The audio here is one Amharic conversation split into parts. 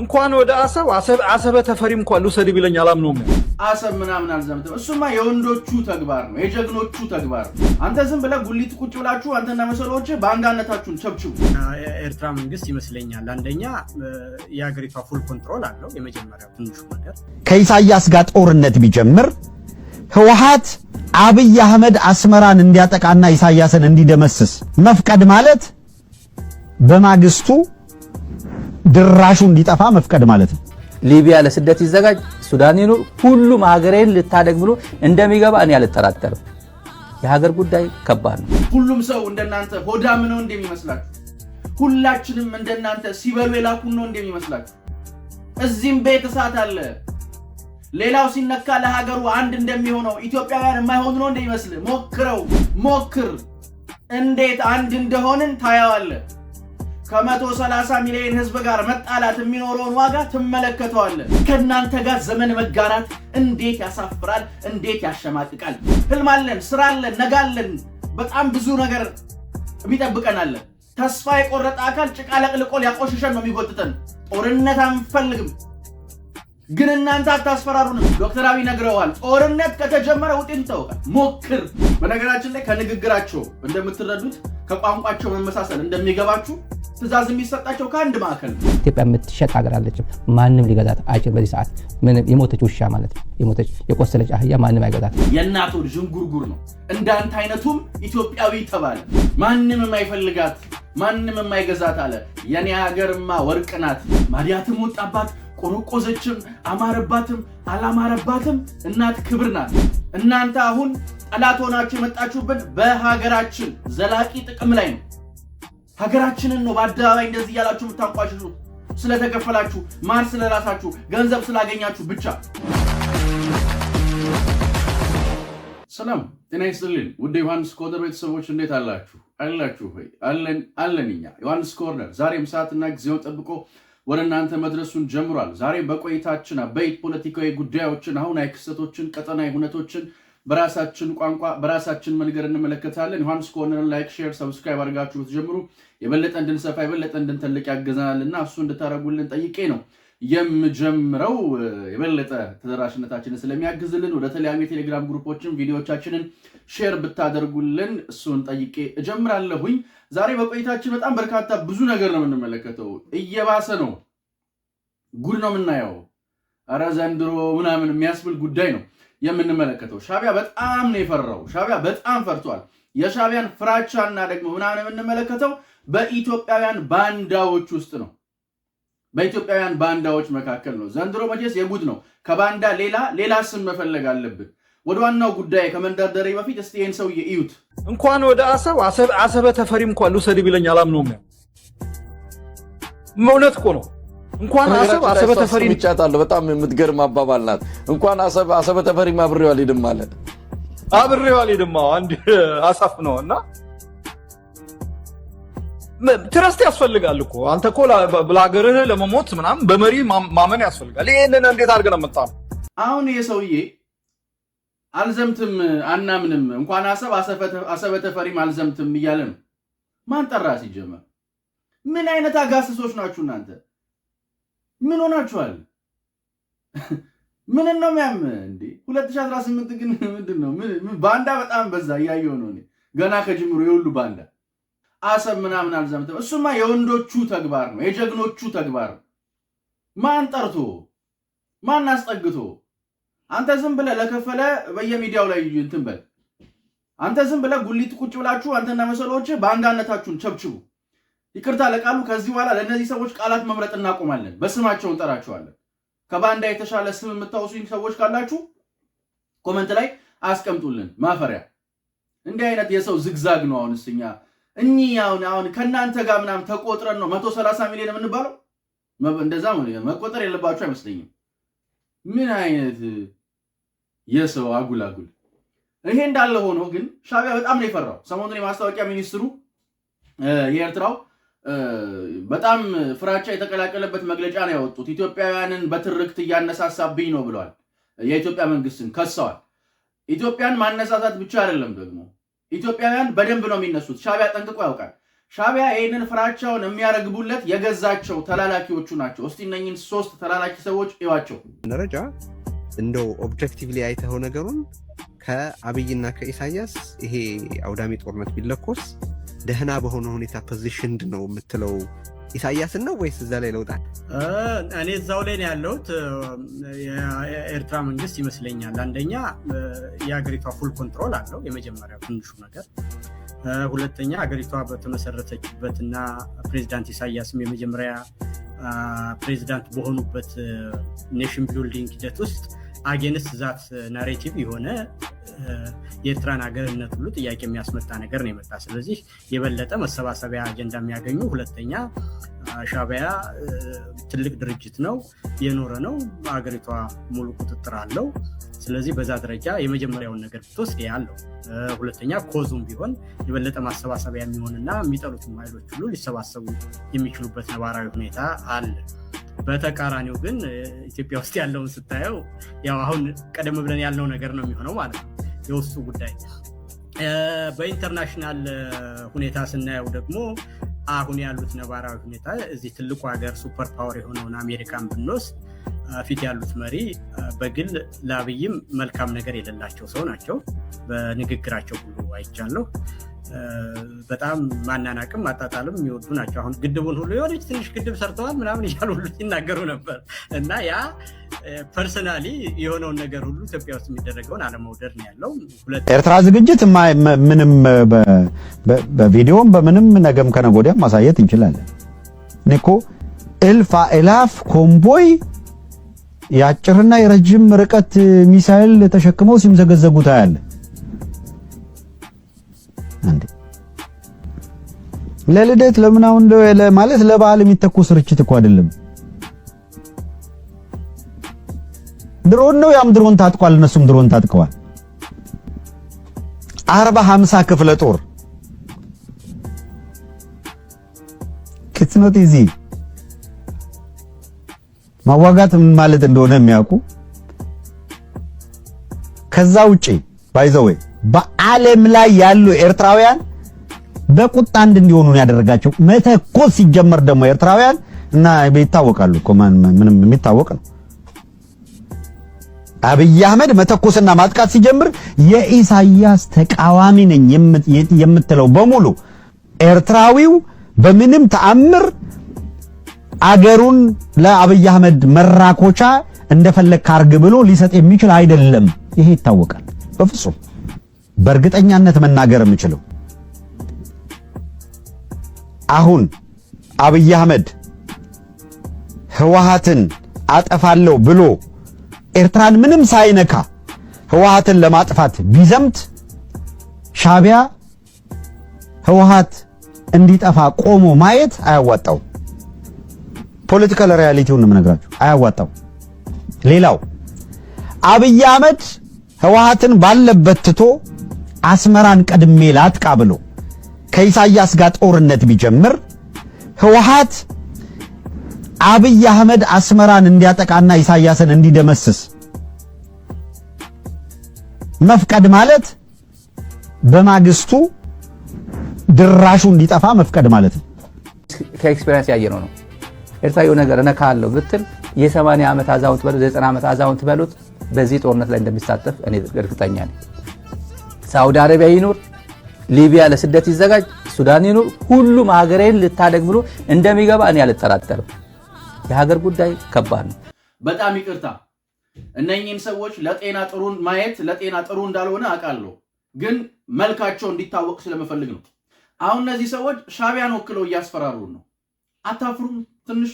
እንኳን ወደ አሰብ አሰብ አሰበ ተፈሪ እንኳን ልውሰድ ቢለኝ አላምነውም። አሰብ ምናምን አልዘምትም። እሱማ የወንዶቹ ተግባር ነው፣ የጀግኖቹ ተግባር ነው። አንተ ዝም ብለህ ጉሊት ቁጭ ብላችሁ አንተና መሰሎች በአንዳነታችሁን ቸብችቡ። ኤርትራ መንግስት ይመስለኛል አንደኛ የሀገሪቷ ፉል ኮንትሮል አለው። የመጀመሪያው ትንሹ ነገር ከኢሳያስ ጋር ጦርነት ቢጀምር ህወሀት አብይ አህመድ አስመራን እንዲያጠቃና ኢሳያስን እንዲደመስስ መፍቀድ ማለት በማግስቱ ድራሹ እንዲጠፋ መፍቀድ ማለት ነው። ሊቢያ ለስደት ይዘጋጅ፣ ሱዳን ይኑር፣ ሁሉም ሀገሬን ልታደግ ብሎ እንደሚገባ እኔ አልጠራጠርም። የሀገር ጉዳይ ከባድ ነው። ሁሉም ሰው እንደናንተ ሆዳም ነው እንደሚመስላችሁ፣ ሁላችንም እንደናንተ ሲበሉ የላኩን ነው እንደሚመስላችሁ። እዚህም ቤት እሳት አለ። ሌላው ሲነካ ለሀገሩ አንድ እንደሚሆነው ኢትዮጵያውያን የማይሆኑ ነው እንደሚመስል ሞክረው ሞክር፣ እንዴት አንድ እንደሆንን ታያዋለህ። ከመቶ ሰላሳ ሚሊዮን ህዝብ ጋር መጣላት የሚኖረውን ዋጋ ትመለከተዋለን። ከእናንተ ጋር ዘመን መጋራት እንዴት ያሳፍራል! እንዴት ያሸማቅቃል! ህልማለን፣ ስራለን፣ ነጋለን። በጣም ብዙ ነገር የሚጠብቀናለን። ተስፋ የቆረጠ አካል ጭቃ ለቅልቆ ሊያቆሽሸን ነው የሚጎትተን። ጦርነት አንፈልግም፣ ግን እናንተ አታስፈራሩንም። ዶክተር አብይ ነግረዋል። ጦርነት ከተጀመረ ውጤት ይታወቃል። ሞክር። በነገራችን ላይ ከንግግራቸው እንደምትረዱት ከቋንቋቸው መመሳሰል እንደሚገባችሁ ትእዛዝ የሚሰጣቸው ከአንድ ማዕከል ነው። ኢትዮጵያ የምትሸጥ ሀገር አለችም። ማንም ሊገዛት አይችል። በዚህ ሰዓት ምንም የሞተች ውሻ ማለት ነው። የሞተች የቆሰለች አህያ ማንም አይገዛት። የእናቶ ልጅን ጉርጉር ነው። እንዳንተ አይነቱም ኢትዮጵያዊ ተባለ። ማንም የማይፈልጋት ማንም የማይገዛት አለ። የኔ ሀገርማ ወርቅ ናት። ማዲያትም ወጣባት፣ ቆረቆዘችም፣ አማረባትም አላማረባትም እናት ክብር ናት። እናንተ አሁን ጠላት ሆናችሁ የመጣችሁብን በሀገራችን ዘላቂ ጥቅም ላይ ነው። ሀገራችንን ነው በአደባባይ እንደዚህ እያላችሁ የምታንቋሽሹት። ስለተከፈላችሁ ማር ስለራሳችሁ ገንዘብ ስላገኛችሁ ብቻ። ሰላም ጤና ይስጥልን ውድ ዮሐንስ ኮርነር ቤተሰቦች እንዴት አላችሁ? አላችሁ ሆይ አለን አለን። እኛ ዮሐንስ ኮርነር ዛሬም ሰዓትና ጊዜውን ጠብቆ ወደ እናንተ መድረሱን ጀምሯል። ዛሬም በቆይታችን አበይት ፖለቲካዊ ጉዳዮችን፣ አሁናዊ ክስተቶችን፣ ቀጠናዊ ሁነቶችን በራሳችን ቋንቋ በራሳችን መንገድ እንመለከታለን። ዮሐንስ ኮርነርን ላይክ፣ ሼር፣ ሰብስክራይብ አድርጋችሁ ብትጀምሩ የበለጠ እንድንሰፋ የበለጠ እንድንተልቅ ያገዘናል እና እሱ እንድታደረጉልን ጠይቄ ነው የምጀምረው። የበለጠ ተደራሽነታችንን ስለሚያግዝልን ወደ ተለያዩ የቴሌግራም ግሩፖችን ቪዲዮቻችንን ሼር ብታደርጉልን እሱን ጠይቄ እጀምራለሁኝ። ዛሬ በቆይታችን በጣም በርካታ ብዙ ነገር ነው የምንመለከተው። እየባሰ ነው፣ ጉድ ነው የምናየው። ኧረ ዘንድሮ ምናምን የሚያስብል ጉዳይ ነው። የምንመለከተው። ሻቢያ በጣም ነው የፈራው። ሻቢያ በጣም ፈርቷል። የሻዕቢያን ፍራቻና ደግሞ ምናምን የምንመለከተው በኢትዮጵያውያን ባንዳዎች ውስጥ ነው። በኢትዮጵያውያን ባንዳዎች መካከል ነው። ዘንድሮ መቼስ የጉድ ነው። ከባንዳ ሌላ ሌላ ስም መፈለግ አለብን። ወደ ዋናው ጉዳይ ከመንደርደሬ በፊት እስቲ ይህን ሰውዬ እዩት። እንኳን ወደ አሰብ አሰበ ተፈሪ እንኳን ልውሰድ ቢለኝ አላምነውም። እውነት እኮ ነው። እንኳን አሰብ አሰበ ተፈሪ ይጫታል። በጣም የምትገርም አባባል ናት። እንኳን አሰብ አሰበ ተፈሪ አብሬው አልሄድም አለ። አብሬው አልሄድም አንድ አሳፍ ነው እና ትረስት ያስፈልጋል እኮ አንተ እኮ ለሀገርህ ለመሞት ምናምን በመሪ ማመን ያስፈልጋል። ይህንን እንዴት አድርገን መጣ አሁን ይሄ ሰውዬ አልዘምትም አናምንም እንኳን አሰብ አሰበ ተፈሪም አልዘምትም እያለ ነው። ማን ጠራ ሲጀመር? ምን አይነት አጋስሶች ናችሁ እናንተ? ምን ሆናችኋል? ምን ነው ሚያም እንዴ? 2018 ግን ምንድን ነው? ባንዳ በጣም በዛ። እያየሁ ነው እኔ ገና ከጅምሮ የሁሉ ባንዳ አሰብ ምናምን አልዛምተ። እሱማ የወንዶቹ ተግባር ነው፣ የጀግኖቹ ተግባር ነው። ማን ጠርቶ ማን አስጠግቶ? አንተ ዝም ብለህ ለከፈለ በየሚዲያው ላይ እንትን በል። አንተ ዝም ብለህ ጉሊት ቁጭ ብላችሁ አንተና መሰሎች ባንዳነታችሁን ቸብችቡ። ይቅርታ ለቃሉ ከዚህ በኋላ ለእነዚህ ሰዎች ቃላት መምረጥ እናቆማለን። በስማቸው እንጠራቸዋለን። ከባንዳ የተሻለ ስም የምታወሱኝ ሰዎች ካላችሁ ኮመንት ላይ አስቀምጡልን። ማፈሪያ እንዲህ አይነት የሰው ዝግዛግ ነው። አሁንስ እኛ እኚህ አሁን አሁን ከእናንተ ጋር ምናምን ተቆጥረን ነው መቶ ሰላሳ ሚሊዮን የምንባለው። እንደዛ መቆጠር የለባችሁ አይመስለኝም። ምን አይነት የሰው አጉል አጉል። ይሄ እንዳለ ሆኖ ግን ሻቢያ በጣም ነው የፈራው። ሰሞኑን የማስታወቂያ ሚኒስትሩ የኤርትራው በጣም ፍራቻ የተቀላቀለበት መግለጫ ነው ያወጡት። ኢትዮጵያውያንን በትርክት እያነሳሳብኝ ነው ብለዋል። የኢትዮጵያ መንግስትን ከሰዋል። ኢትዮጵያን ማነሳሳት ብቻ አይደለም ደግሞ ኢትዮጵያውያን በደንብ ነው የሚነሱት። ሻቢያ ጠንቅቆ ያውቃል። ሻቢያ ይህንን ፍራቻውን የሚያረግቡለት የገዛቸው ተላላኪዎቹ ናቸው። እስቲ እነኝን ሶስት ተላላኪ ሰዎች እዩዋቸው። ደረጃ እንደው ኦብጀክቲቭሊ አይተኸው ነገሩን ከአብይና ከኢሳያስ ይሄ አውዳሚ ጦርነት ቢለኮስ ደህና በሆነ ሁኔታ ፖዚሽንድ ነው የምትለው ኢሳያስን ነው ወይስ እዛ ላይ ለውጣል? እኔ እዛው ላይ ነው ያለሁት። የኤርትራ መንግስት ይመስለኛል አንደኛ የሀገሪቷ ፉል ኮንትሮል አለው፣ የመጀመሪያው ትንሹ ነገር። ሁለተኛ ሀገሪቷ በተመሰረተችበት እና ፕሬዚዳንት ኢሳያስም የመጀመሪያ ፕሬዚዳንት በሆኑበት ኔሽን ቢልዲንግ ሂደት ውስጥ አጌንስት ዛት ናሬቲቭ የሆነ የኤርትራን ሀገርነት ሁሉ ጥያቄ የሚያስመጣ ነገር ነው የመጣ። ስለዚህ የበለጠ መሰባሰቢያ አጀንዳ የሚያገኙ ሁለተኛ ሻቢያ ትልቅ ድርጅት ነው፣ የኖረ ነው፣ ሀገሪቷ ሙሉ ቁጥጥር አለው። ስለዚህ በዛ ደረጃ የመጀመሪያውን ነገር ብትወስድ ያለው ሁለተኛ ኮዙም ቢሆን የበለጠ ማሰባሰቢያ የሚሆንና የሚጠሉትም ኃይሎች ሁሉ ሊሰባሰቡ የሚችሉበት ነባራዊ ሁኔታ አለ። በተቃራኒው ግን ኢትዮጵያ ውስጥ ያለውን ስታየው ያው አሁን ቀደም ብለን ያልነው ነገር ነው የሚሆነው ማለት ነው። የውስጡ ጉዳይ በኢንተርናሽናል ሁኔታ ስናየው ደግሞ አሁን ያሉት ነባራዊ ሁኔታ እዚህ ትልቁ ሀገር ሱፐር ፓወር የሆነውን አሜሪካን ብንወስድ ፊት ያሉት መሪ በግል ለአብይም መልካም ነገር የሌላቸው ሰው ናቸው። በንግግራቸው ሁሉ አይቻለሁ። በጣም ማናናቅም ማጣጣልም የሚወዱ ናቸው። አሁን ግድቡን ሁሉ የሆነች ትንሽ ግድብ ሰርተዋል ምናምን እያሉ ሁሉ ሲናገሩ ነበር እና ያ ፐርሰናሊ የሆነውን ነገር ሁሉ ኢትዮጵያ ውስጥ የሚደረገውን አለመውደድ ነው ያለው። ኤርትራ ዝግጅት ምንም በቪዲዮም በምንም ነገም ከነጎዲያ ማሳየት እንችላለን። እኔ እኮ እልፍ አእላፍ ኮምቦይ የአጭርና የረጅም ርቀት ሚሳይል ተሸክመው ሲምዘገዘጉ ታያለን። ለልደት ለምናምን ማለት ለበዓል የሚተኮስ ርችት እኮ አይደለም። ድሮን ነው ያም ድሮን ታጥቋል፣ እነሱም ድሮን ታጥቀዋል። አርባ ሃምሳ ክፍለ ጦር ክትነት ይዚ ማዋጋት ምን ማለት እንደሆነ የሚያውቁ ከዛ ውጪ ባይዘወይ በዓለም ላይ ያሉ ኤርትራውያን በቁጣ አንድ እንዲሆኑ ያደረጋቸው መተኮስ ሲጀመር ደግሞ ኤርትራውያን እና ይታወቃሉ እኮ ምንም የሚታወቅ ነው። አብይ አህመድ መተኮስና ማጥቃት ሲጀምር የኢሳያስ ተቃዋሚ ነኝ የምትለው በሙሉ ኤርትራዊው በምንም ተአምር አገሩን ለአብይ አህመድ መራኮቻ እንደፈለግ ካርግ ብሎ ሊሰጥ የሚችል አይደለም። ይሄ ይታወቃል በፍጹም። በእርግጠኛነት መናገር የምችለው አሁን አብይ አህመድ ህወሓትን አጠፋለሁ ብሎ ኤርትራን ምንም ሳይነካ ህወሓትን ለማጥፋት ቢዘምት ሻቢያ ህወሓት እንዲጠፋ ቆሞ ማየት አያዋጣው። ፖለቲካል ሪያሊቲውን የምነግራችሁ አያዋጣው። ሌላው አብይ አህመድ ህወሓትን ባለበት ትቶ አስመራን ቀድሜ ላጥቃ ብሎ ከኢሳያስ ጋር ጦርነት ቢጀምር ህወሓት አብይ አህመድ አስመራን እንዲያጠቃና ኢሳይያስን እንዲደመስስ መፍቀድ ማለት በማግስቱ ድራሹ እንዲጠፋ መፍቀድ ማለት ነው። ከኤክስፔሪንስ ያየነው ነው። ኤርትራ የሆነ ነገር እነካለሁ ብትል የ80 ዓመት አዛውንት በሉት፣ የ90 ዓመት አዛውንት በሉት በዚህ ጦርነት ላይ እንደሚሳተፍ እኔ እርግጠኛ ነኝ። ሳውዲ አረቢያ ይኑር፣ ሊቢያ ለስደት ይዘጋጅ፣ ሱዳን ይኑር፣ ሁሉም ሀገሬን ልታደግ ብሎ እንደሚገባ እኔ አልጠራጠርም። የሀገር ጉዳይ ከባድ ነው። በጣም ይቅርታ። እነኚህን ሰዎች ለጤና ጥሩ ማየት ለጤና ጥሩ እንዳልሆነ አውቃለሁ፣ ግን መልካቸው እንዲታወቅ ስለምፈልግ ነው። አሁን እነዚህ ሰዎች ሻቢያን ወክለው እያስፈራሩን ነው። አታፍሩም? ትንሽ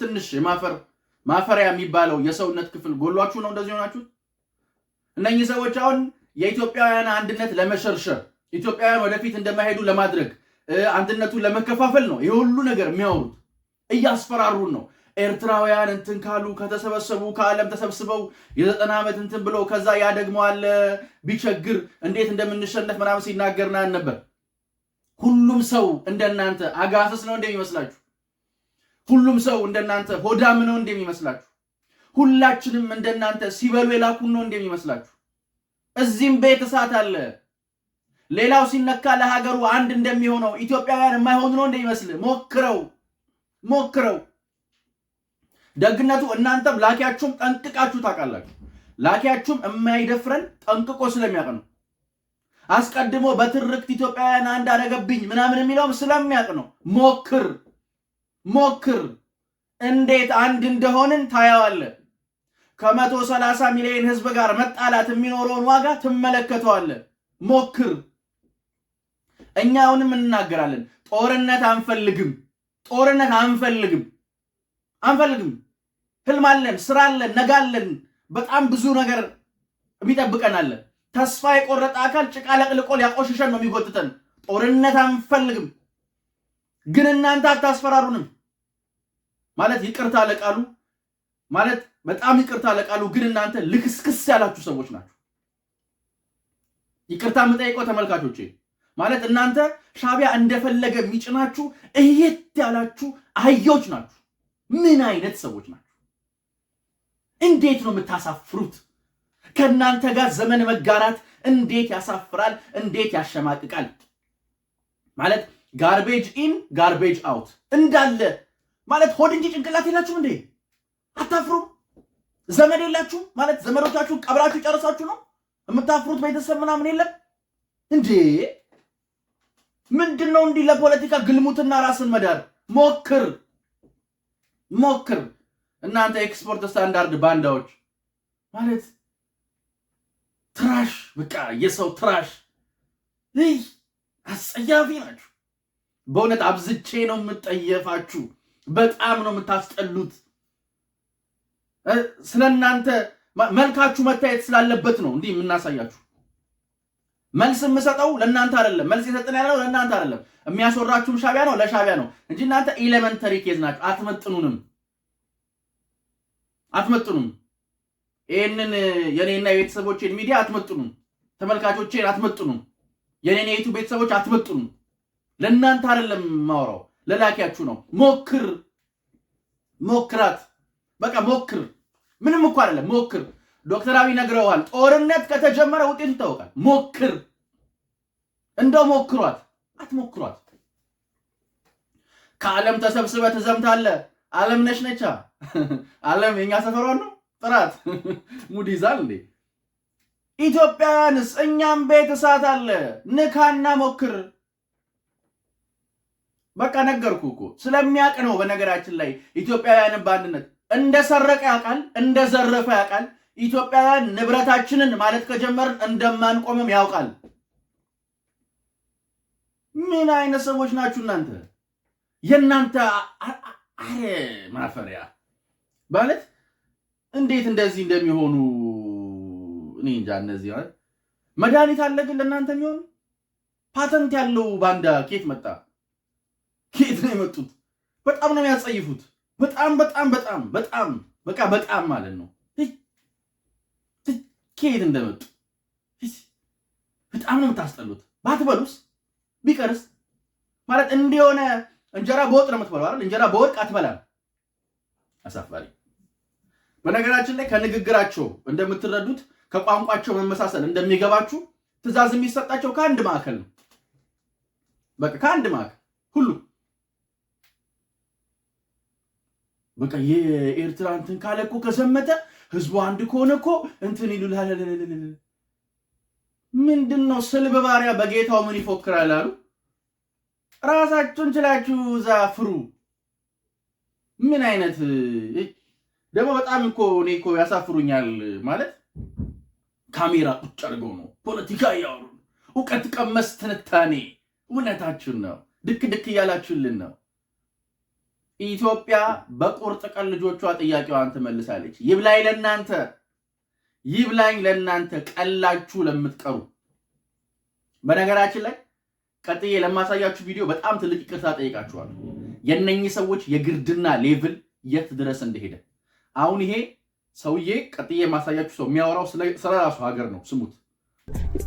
ትንሽ የማፈር ማፈሪያ የሚባለው የሰውነት ክፍል ጎሏችሁ ነው እንደዚህ ሆናችሁት። እነኚህ ሰዎች አሁን የኢትዮጵያውያን አንድነት ለመሸርሸር ኢትዮጵያውያን ወደፊት እንደማይሄዱ ለማድረግ አንድነቱን ለመከፋፈል ነው የሁሉ ነገር የሚያወሩት። እያስፈራሩን ነው። ኤርትራውያን እንትን ካሉ ከተሰበሰቡ ከዓለም ተሰብስበው የዘጠና ዓመት እንትን ብሎ ከዛ ያ ደግሞ አለ ቢቸግር እንዴት እንደምንሸነፍ ምናምን ሲናገርናን ነበር። ሁሉም ሰው እንደናንተ አጋሰስ ነው እንደሚመስላችሁ? ሁሉም ሰው እንደናንተ ሆዳም ነው እንደሚመስላችሁ? ሁላችንም እንደናንተ ሲበሉ የላኩን ነው እንደሚመስላችሁ? እዚህም ቤት እሳት አለ። ሌላው ሲነካ ለሀገሩ አንድ እንደሚሆነው ኢትዮጵያውያን የማይሆኑ ነው እንደ ሞክረው ሞክረው። ደግነቱ እናንተም ላኪያችሁም ጠንቅቃችሁ ታውቃላችሁ። ላኪያችሁም የማይደፍረን ጠንቅቆ ስለሚያውቅ ነው። አስቀድሞ በትርክት ኢትዮጵያውያን አንድ አደረገብኝ ምናምን የሚለውም ስለሚያውቅ ነው። ሞክር ሞክር፣ እንዴት አንድ እንደሆንን ታያዋለህ። ከመቶ ሰላሳ ሚሊዮን ህዝብ ጋር መጣላት የሚኖረውን ዋጋ ትመለከተዋለን። ሞክር። እኛ አሁንም እንናገራለን፣ ጦርነት አንፈልግም፣ ጦርነት አንፈልግም፣ አንፈልግም። ህልም አለን፣ ስራ አለን፣ ነገ አለን። በጣም ብዙ ነገር የሚጠብቀን ተስፋ የቆረጠ አካል ጭቃ ለቅልቆ ሊያቆሽሸን ነው የሚጎትተን። ጦርነት አንፈልግም፣ ግን እናንተ አታስፈራሩንም። ማለት ይቅርታ ለቃሉ ማለት በጣም ይቅርታ ለቃሉ ግን እናንተ ልክስክስ ያላችሁ ሰዎች ናችሁ። ይቅርታ የምጠይቀው ተመልካቾቼ ማለት እናንተ ሻቢያ እንደፈለገ የሚጭናችሁ እየት ያላችሁ አህዮች ናችሁ። ምን አይነት ሰዎች ናችሁ? እንዴት ነው የምታሳፍሩት? ከእናንተ ጋር ዘመን መጋራት እንዴት ያሳፍራል! እንዴት ያሸማቅቃል! ማለት ጋርቤጅ ኢን ጋርቤጅ አውት እንዳለ ማለት ሆድ እንጂ ጭንቅላት የላችሁም እንዴ? አታፍሩም? ዘመድ የላችሁ ማለት ዘመዶቻችሁን ቀብራችሁ ጨርሳችሁ ነው የምታፍሩት? ቤተሰብ ምናምን የለም እንዴ? ምንድን ነው እንዲህ ለፖለቲካ ግልሙትና ራስን መዳር? ሞክር ሞክር። እናንተ ኤክስፖርት ስታንዳርድ ባንዳዎች ማለት ትራሽ፣ በቃ የሰው ትራሽ ይህ አስጸያፊ ናችሁ። በእውነት አብዝቼ ነው የምጠየፋችሁ። በጣም ነው የምታስጠሉት። ስለ እናንተ መልካችሁ መታየት ስላለበት ነው እንዲህ የምናሳያችሁ። መልስ የምሰጠው ለእናንተ አይደለም። መልስ የሰጠን ያለው ለእናንተ አይደለም። የሚያስወራችሁም ሻቢያ ነው ለሻቢያ ነው እንጂ እናንተ ኤሌመንተሪ ኬዝ ናችሁ። አትመጥኑንም፣ አትመጥኑም። ይህንን የኔና የቤተሰቦቼን ሚዲያ አትመጥኑም። ተመልካቾቼን አትመጥኑም። የኔን የቱ ቤተሰቦች አትመጥኑም። ለእናንተ አይደለም የማወራው ለላኪያችሁ ነው። ሞክር ሞክራት፣ በቃ ሞክር ምንም እኮ አይደለም። ሞክር። ዶክተር አብይ ነግረዋል። ጦርነት ከተጀመረ ውጤቱ ይታወቃል። ሞክር፣ እንደው ሞክሯት፣ አትሞክሯት። ከዓለም ተሰብስበ ትዘምታለ። ዓለም ነች ነቻ። ዓለም የኛ ሰፈሯን ነው። ጥራት ሙድ ይዛል እንዴ? ኢትዮጵያውያንስ እኛም ቤት እሳት አለ። ንካና ሞክር። በቃ ነገርኩ እኮ ስለሚያቅ ነው። በነገራችን ላይ ኢትዮጵያውያንን በአንድነት እንደ ሰረቀ ያውቃል፣ እንደ ዘረፈ ያውቃል። ኢትዮጵያውያን ንብረታችንን ማለት ከጀመርን እንደማንቆምም ያውቃል። ምን አይነት ሰዎች ናችሁ እናንተ? የእናንተ አሬ ማፈሪያ ማለት እንዴት እንደዚህ እንደሚሆኑ እኔ እንጃ። እነዚህ ማለት መድኃኒት አለ ግን ለእናንተ የሚሆኑ ፓተንት ያለው ባንዳ ኬት መጣ? ኬት ነው የመጡት? በጣም ነው የሚያጸይፉት። በጣም በጣም በጣም በጣም በቃ በጣም ማለት ነው ከየት እንደመጡ በጣም ነው የምታስጠሉት። ባትበሉስ ቢቀርስ ማለት እንደሆነ እንጀራ በወጥ ነው የምትበለው አይደል? እንጀራ በወርቅ አትበላም። አሳፋሪ። በነገራችን ላይ ከንግግራቸው እንደምትረዱት ከቋንቋቸው መመሳሰል እንደሚገባችሁ ትዕዛዝ የሚሰጣቸው ከአንድ ማዕከል ነው። በቃ ከአንድ ማዕከል ሁሉም በቃ የኤርትራ እንትን ካለ እኮ ህዝቡ አንድ ከሆነ እኮ እንትን ይሉልሃል። ምንድን ነው ስል በባሪያ በጌታው ምን ይፎክራል አሉ። ራሳችሁን ችላችሁ እዛ ፍሩ። ምን አይነት ደግሞ በጣም እኮ እኔ እኮ ያሳፍሩኛል። ማለት ካሜራ ቁጭ አድርገው ነው ፖለቲካ እያወሩ እውቀት ቀመስ ትንታኔ እውነታችሁን ነው ድክ ድክ እያላችሁልን ነው ኢትዮጵያ በቁርጥ ቀን ልጆቿ ጥያቄዋን ትመልሳለች። ይብላኝ ለእናንተ ይብላኝ ለእናንተ ቀላችሁ ለምትቀሩ። በነገራችን ላይ ቀጥዬ ለማሳያችሁ ቪዲዮ በጣም ትልቅ ይቅርታ ጠይቃችኋል። የእነኚህ ሰዎች የግርድና ሌቭል የት ድረስ እንደሄደ አሁን ይሄ ሰውዬ ቀጥዬ የማሳያችሁ ሰው የሚያወራው ስለራሱ ሀገር ነው። ስሙት።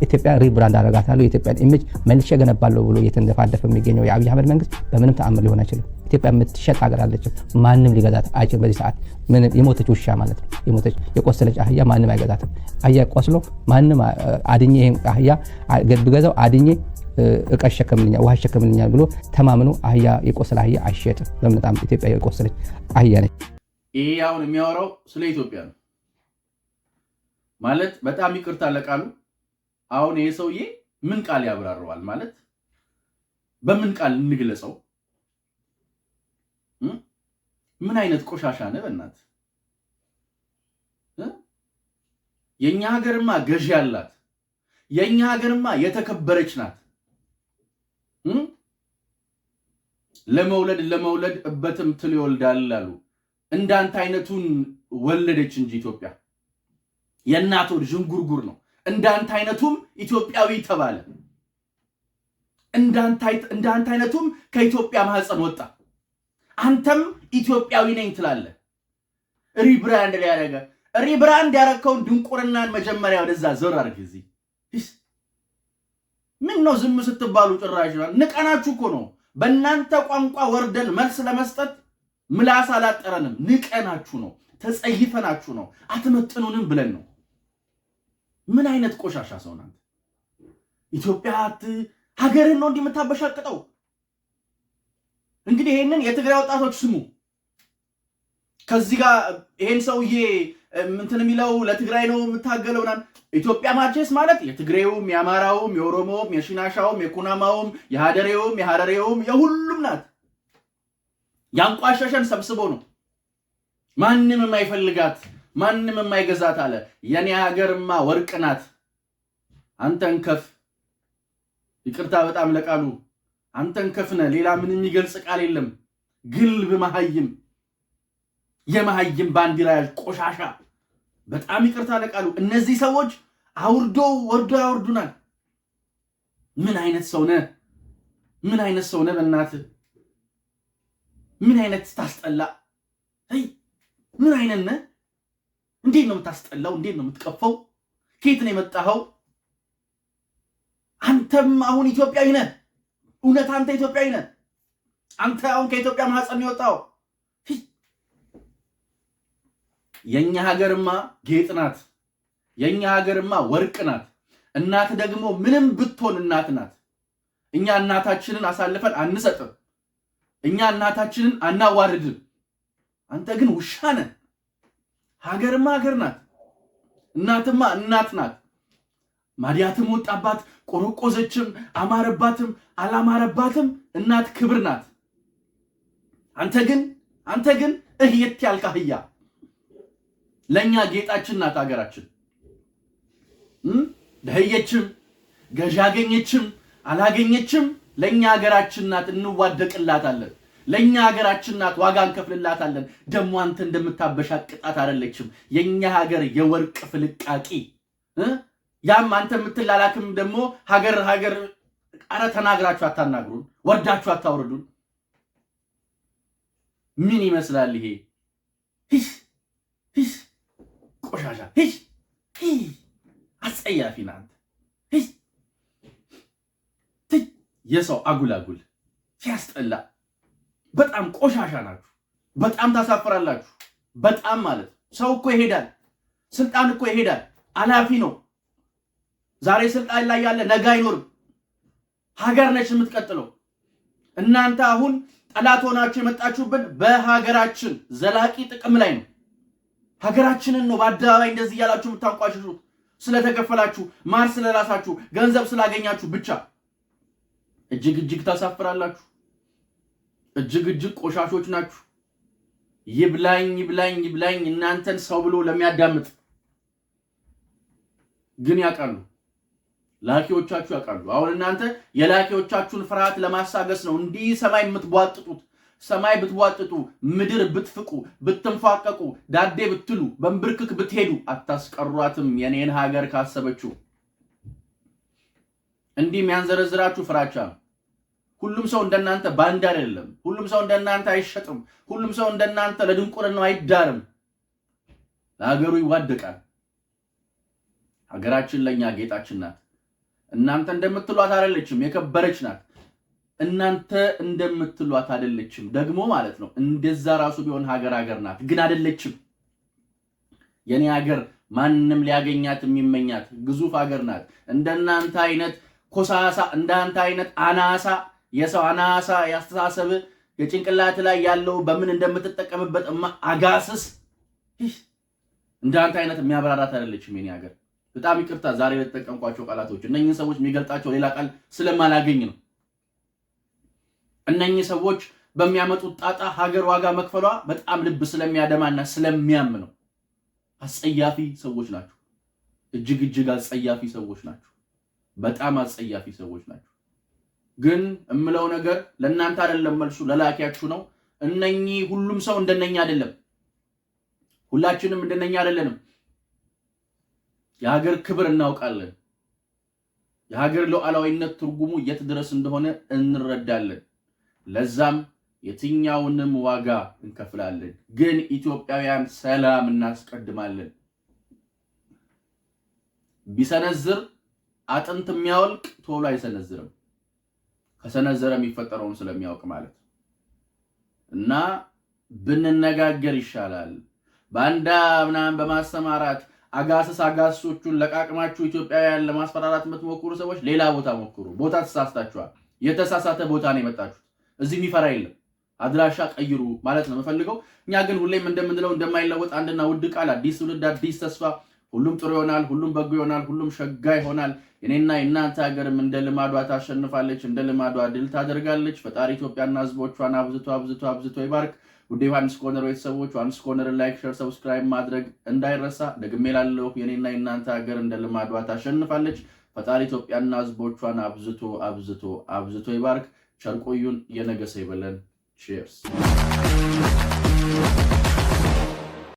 ኢትዮጵያ ሪብራንድ አረጋታለሁ የኢትዮጵያን ኢሜጅ መልሼ ገነባለሁ ብሎ እየተንደፋደፈ የሚገኘው የአብይ አህመድ መንግስት በምንም ተአምር ሊሆን አይችልም። ኢትዮጵያ የምትሸጥ ሀገር አለችም። ማንም ሊገዛት አይችልም። በዚህ ሰዓት የሞተች ውሻ ማለት ነው። የሞተች የቆሰለች አህያ ማንም አይገዛትም። አህያ ቆስሎ ማንም አድኜ ይሄን አህያ ብገዛው አድኜ እቃ ይሸከምልኛል፣ ውሃ ይሸከምልኛል ብሎ ተማምኖ አህያ የቆሰለ አህያ አይሸጥም። በምጣም ኢትዮጵያ የቆሰለች አህያ ነች። ይህ አሁን የሚያወራው ስለ ኢትዮጵያ ነው ማለት በጣም ይቅርታ ለቃሉ አሁን ይሄ ሰውዬ ምን ቃል ያብራረዋል? ማለት በምን ቃል እንግለጸው? ምን አይነት ቆሻሻ ነህ? በእናት የኛ ሀገርማ ገዢ ያላት የኛ ሀገርማ የተከበረች ናት። ለመውለድ ለመውለድ እበትም ትል ይወልዳል አሉ። እንዳንተ አይነቱን ወለደች እንጂ ኢትዮጵያ የእናት ሆድ ዥንጉርጉር ነው። እንዳንተ አይነቱም ኢትዮጵያዊ ተባለ። እንዳንተ አይነቱም ከኢትዮጵያ ማህፀን ወጣ። አንተም ኢትዮጵያዊ ነኝ ትላለህ። ሪብራንድ ሊያደረገ ሪብራንድ ያረከውን ድንቁርናን መጀመሪያ ወደዛ ዘር አድርግ። እዚህ ምን ነው ዝም ስትባሉ? ጭራሽ ንቀናችሁ እኮ ነው። በእናንተ ቋንቋ ወርደን መልስ ለመስጠት ምላስ አላጠረንም። ንቀናችሁ ነው፣ ተጸይፈናችሁ ነው፣ አትመጥኑንም ብለን ነው። ምን አይነት ቆሻሻ ሰው ናት ኢትዮጵያ? ሀገርን ነው እንዲህ የምታበሻቅጠው? እንግዲህ ይህንን የትግራይ ወጣቶች ስሙ። ከዚህ ጋር ይሄን ሰውዬ እንትን የሚለው ለትግራይ ነው የምታገለው ምናምን። ኢትዮጵያ ማርቼስ ማለት የትግሬውም፣ የአማራውም፣ የኦሮሞውም፣ የሽናሻውም፣ የኩናማውም፣ የሀደሬውም፣ የሀረሬውም የሁሉም ናት። ያንቋሸሸን ሰብስቦ ነው ማንም የማይፈልጋት ማንም የማይገዛት አለ። የኔ ሀገርማ ወርቅ ናት። አንተን ከፍ ይቅርታ በጣም ለቃሉ አንተን ከፍነ ሌላ ምን የሚገልጽ ቃል የለም። ግልብ መሀይም የመሀይም ባንዲራ ያዥ ቆሻሻ። በጣም ይቅርታ ለቃሉ እነዚህ ሰዎች አውርዶ ወርዶ ያወርዱናል። ምን አይነት ሰው ነህ? ምን አይነት ሰው ነህ? በእናትህ ምን አይነት ታስጠላ! ምን አይነት ነህ? እንዴት ነው የምታስጠላው? እንዴት ነው የምትቀፈው? ከየት ነው የመጣኸው? አንተም አሁን ኢትዮጵያዊ ነህ። እውነት አንተ ኢትዮጵያዊ ነህ። አንተ አሁን ከኢትዮጵያ ማህፀን የወጣው የኛ ሀገርማ ጌጥ ናት። የኛ ሀገርማ ወርቅ ናት። እናት ደግሞ ምንም ብትሆን እናት ናት። እኛ እናታችንን አሳልፈን አንሰጥም። እኛ እናታችንን አናዋርድም። አንተ ግን ውሻ ነህ። ሀገርማ ሀገር ናት፣ እናትማ እናት ናት። ማዲያትም ወጣባት፣ ቆረቆዘችም፣ አማረባትም አላማረባትም እናት ክብር ናት። አንተ ግን አንተ ግን እህ የት ያልክ አህያ ለእኛ ጌጣችን ናት ሀገራችን። ደህየችም ገዢ አገኘችም አላገኘችም ለእኛ ሀገራችን ናት፣ እንዋደቅላታለን። ለእኛ ሀገራችን ናት፣ ዋጋ እንከፍልላታለን። ደግሞ አንተ እንደምታበሻ ቅጣት አደለችም፣ የእኛ ሀገር የወርቅ ፍልቃቂ። ያም አንተ የምትላላክም ደግሞ ሀገር ሀገር አረ ተናግራችሁ አታናግሩን፣ ወርዳችሁ አታውርዱን። ምን ይመስላል ይሄ? ሂሽ ቆሻሻ ሂሽ አጸያፊ ናት። ሂሽ የሰው አጉል አጉል ሲያስጠላ በጣም ቆሻሻ ናችሁ። በጣም ታሳፍራላችሁ። በጣም ማለት ሰው እኮ ይሄዳል። ስልጣን እኮ ይሄዳል። አላፊ ነው። ዛሬ ስልጣን ላይ ያለ ነገ አይኖርም። ሀገር ነች የምትቀጥለው። እናንተ አሁን ጠላት ሆናችሁ የመጣችሁብን በሀገራችን ዘላቂ ጥቅም ላይ ነው። ሀገራችንን ነው በአደባባይ እንደዚህ እያላችሁ የምታንቋሽሹት። ስለተከፈላችሁ ማር ስለራሳችሁ ገንዘብ ስላገኛችሁ ብቻ እጅግ እጅግ ታሳፍራላችሁ። እጅግ እጅግ ቆሻሾች ናችሁ። ይብላኝ ይብላኝ ይብላኝ እናንተን ሰው ብሎ ለሚያዳምጥ ግን ያውቃሉ፣ ላኪዎቻችሁ ያውቃሉ። አሁን እናንተ የላኪዎቻችሁን ፍርሃት ለማሳገስ ነው እንዲህ ሰማይ የምትቧጥጡት። ሰማይ ብትቧጥጡ፣ ምድር ብትፍቁ፣ ብትንፏቀቁ፣ ዳዴ ብትሉ፣ በንብርክክ ብትሄዱ አታስቀሯትም የኔን ሀገር ካሰበችው። እንዲህ የሚያንዘረዝራችሁ ፍራቻ ነው። ሁሉም ሰው እንደናንተ ባንዳ አይደለም። ሁሉም ሰው እንደናንተ አይሸጥም። ሁሉም ሰው እንደናንተ ለድንቁርና አይዳርም። ለሀገሩ ይዋደቃል። ሀገራችን ለእኛ ጌጣችን ናት። እናንተ እንደምትሏት አይደለችም፣ የከበረች ናት። እናንተ እንደምትሏት አይደለችም ደግሞ ማለት ነው። እንደዛ ራሱ ቢሆን ሀገር ሀገር ናት፣ ግን አይደለችም። የኔ ሀገር ማንም ሊያገኛት የሚመኛት ግዙፍ ሀገር ናት። እንደናንተ አይነት ኮሳሳ፣ እንዳንተ አይነት አናሳ የሰው አናሳ ያስተሳሰብ የጭንቅላት ላይ ያለው በምን እንደምትጠቀምበት አጋስስ እንዳንተ አይነት የሚያብራራት አይደለችም የኔ ሀገር። በጣም ይቅርታ ዛሬ በተጠቀምኳቸው ቃላቶች እነኝህ ሰዎች የሚገልጣቸው ሌላ ቃል ስለማላገኝ ነው። እነኝህ ሰዎች በሚያመጡት ጣጣ ሀገር ዋጋ መክፈሏ በጣም ልብ ስለሚያደማና ስለሚያም ነው። አጸያፊ ሰዎች ናቸው። እጅግ እጅግ አጸያፊ ሰዎች ናቸው። በጣም አጸያፊ ሰዎች ናቸው። ግን እምለው ነገር ለእናንተ አይደለም፣ መልሱ ለላኪያችሁ ነው። እነኚህ ሁሉም ሰው እንደነኛ አይደለም፣ ሁላችንም እንደነኛ አይደለንም። የሀገር ክብር እናውቃለን። የሀገር ሉዓላዊነት ትርጉሙ የት ድረስ እንደሆነ እንረዳለን። ለዛም የትኛውንም ዋጋ እንከፍላለን። ግን ኢትዮጵያውያን ሰላም እናስቀድማለን። ቢሰነዝር አጥንት የሚያወልቅ ቶሎ አይሰነዝርም። ከሰነዘረ የሚፈጠረውን ስለሚያውቅ ማለት እና ብንነጋገር ይሻላል። ባንዳ ምናምን በማሰማራት አጋስስ አጋስሶቹን ለቃቅማችሁ ኢትዮጵያውያን ለማስፈራራት የምትሞክሩ ሰዎች ሌላ ቦታ ሞክሩ። ቦታ ተሳስታችኋል። የተሳሳተ ቦታ ነው የመጣችሁት። እዚህ የሚፈራ የለም። አድራሻ ቀይሩ ማለት ነው የምፈልገው። እኛ ግን ሁሌም እንደምንለው እንደማይለወጥ አንድና ውድ ቃል አዲስ ትውልድ አዲስ ተስፋ ሁሉም ጥሩ ይሆናል፣ ሁሉም በጎ ይሆናል፣ ሁሉም ሸጋ ይሆናል። እኔና የእናንተ ሀገርም እንደ ልማዷ ታሸንፋለች፣ እንደ ልማዷ ድል ታደርጋለች። ፈጣሪ ኢትዮጵያና ህዝቦቿን አብዝቶ አብዝቶ አብዝቶ ይባርክ። ውድ ዮሐንስ ኮርነር ቤተሰቦች ዮሐንስ ኮርነርን ላይክ፣ ሸር፣ ሰብስክራይብ ማድረግ እንዳይረሳ። ደግሜ ላለሁ የኔና የእናንተ ሀገር እንደ ልማዷ ታሸንፋለች። ፈጣሪ ኢትዮጵያና ህዝቦቿን አብዝቶ አብዝቶ አብዝቶ ይባርክ። ቸርቆዩን የነገሰ ይበለን። ቼርስ